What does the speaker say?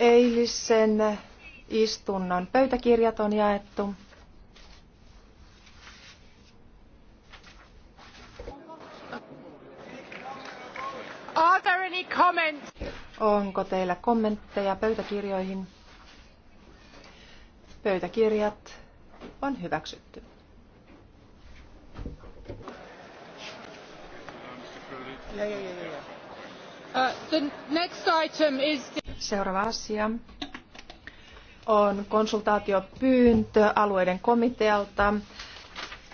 Eilisen istunnon pöytäkirjat on jaettu. Are there any comments? Onko teillä kommentteja pöytäkirjoihin? Pöytäkirjat on hyväksytty. Yeah, yeah, yeah, yeah. Uh, the next item is the Seuraava asia on konsultaatiopyyntö alueiden komitealta